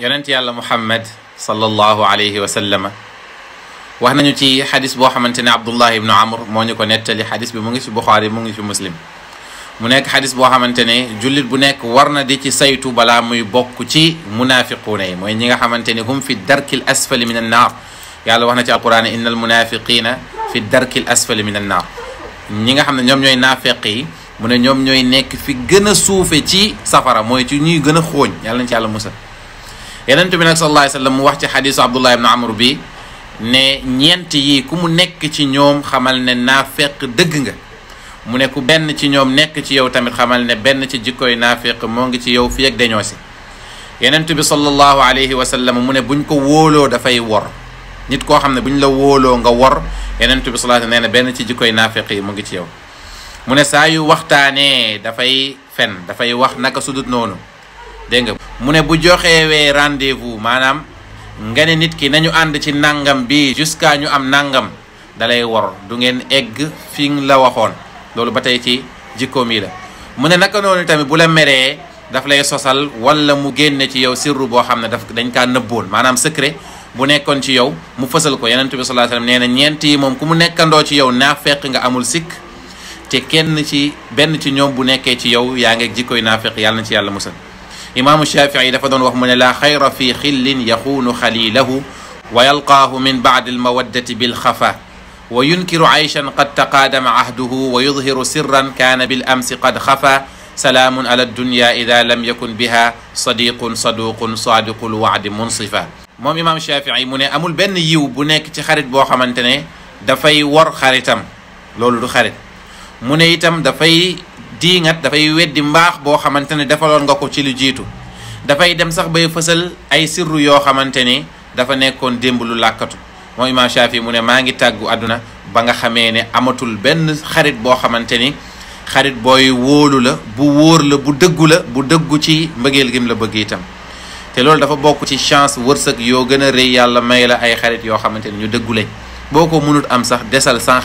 يونت الله محمد صلى الله عليه وسلم واخنا نيو تي حديث بو خامتني عبد الله بن عمرو مو نيو كو نيتالي حديث بي موغي سي بخاري موغي سي مسلم مو نيك حديث بو خامتني جوليت بو نيك ورنا دي تي سايتو بلا موي بوكو تي منافقون موي نيغا خامتني هم في الدرك الاسفل من النار يالا واخنا تي القران ان المنافقين في الدرك الاسفل من النار نيغا خامتني نيوم نيو نافقي مو نيوم نيو نيك في غنا سوفي تي سفاره موي تي نيو يا خوغ يالا نتي يالا موسى yonent bi nag sallallahu alayhi wa sallam mu wax ci xadiisu abdullah ibn amr bi ne ñeent yi ku mu nekk ci ñoom xamal ne naafeq dëgg nga mu ne ku benn ci ñoom nekk ci yow tamit xamal ne benn ci jikkoy naafeq moo ngi ci yow fii ak dañoo si yonent bi sallallahu alayhi wa sallam mu ne buñ ko wóoloo dafay wor nit koo xam ne buñ la wóoloo nga wor yonent bi sallallahu nee na benn ci jikkoy naafeq yi mu ngi ci yow mu ne saa yu waxtaanee dafay fen dafay wax naka sudut noonu dégg nga mu ne bu joxewee rendez-vous maanaam nga ne nit ki nañu ànd ci nangam bi jusqu'à ñu am nangam dalay wor du ngeen egg fi la waxoon loolu ba tey ci jikkoom yi la mu ne naka noonu tamit bu la meree daf lay sosal wala mu génne ci yow sirru boo xam ne daf dañ kaa nëbboon maanaam secret bu nekkoon ci yow mu fësal ko yonent bi sallallahu alayhi nee na ñeent yi moom ku mu nekkandoo ci yow naafeq nga amul sikk te kenn ci benn ci ñoom bu nekkee ci yow yaa ngi jikkoy naafeq yàlla ci yàlla musal إمام الشافعي لفظ وهم لا خير في خل يخون خليله ويلقاه من بعد المودة بالخفة وينكر عيشا قد تقادم عهده ويظهر سرا كان بالأمس قد خفى سلام على الدنيا إذا لم يكن بها صديق صدوق صادق الوعد منصفا مهم إمام الشافعي من أمول بن يو بنك تخرج بوخة من تنه دفاي ور خارتم لولو خارت من يتم دفاي dii ngat dafay weddi mbaax boo xamante ne defaloon nga ko ci lu jiitu dafay dem sax bay fësal ay sirru yoo xamante ni dafa nekkoon démb lu làkkatu moom imaam Shaafi mu ne maa ngi tàggu àdduna ba nga xamee ne amatul benn xarit boo xamante ni xarit booy wóolu la bu wóor la bu dëggu la bu dëggu ci mbëggeel gim la bëgg itam te loolu dafa bokk ci chance wërsëg yoo gën a rëy yàlla may la ay xarit yoo xamante ni ñu dëggu lañ boo ko mënut am sax desal sans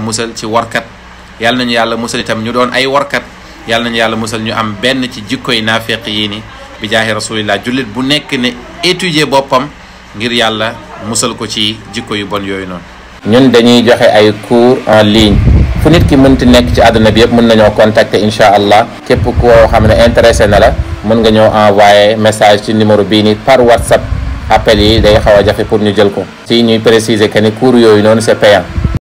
musal ci warkat yàlla nañu yàlla musal itam ñu doon ay warkat yàlla nañu yàlla musal ñu am benn ci jikkoy naafeq yii ni bi jaahi rasulillah jullit bu nekk ne étudier boppam ngir yàlla musal ko ci jikko yu bon yooyu noonu ñun dañuy joxe ay cours en ligne fu nit ki mënti nekk ci àdduna bi yëpp mën nañoo contacter incha allah képp koo xam ne intéressé na la mën nga ñëw envoyé message ci numéro bii nii par whatsapp appel yi day xaw a joxe pour ñu jël ko si ñuy préciser que ni cours yooyu noonu c'est payant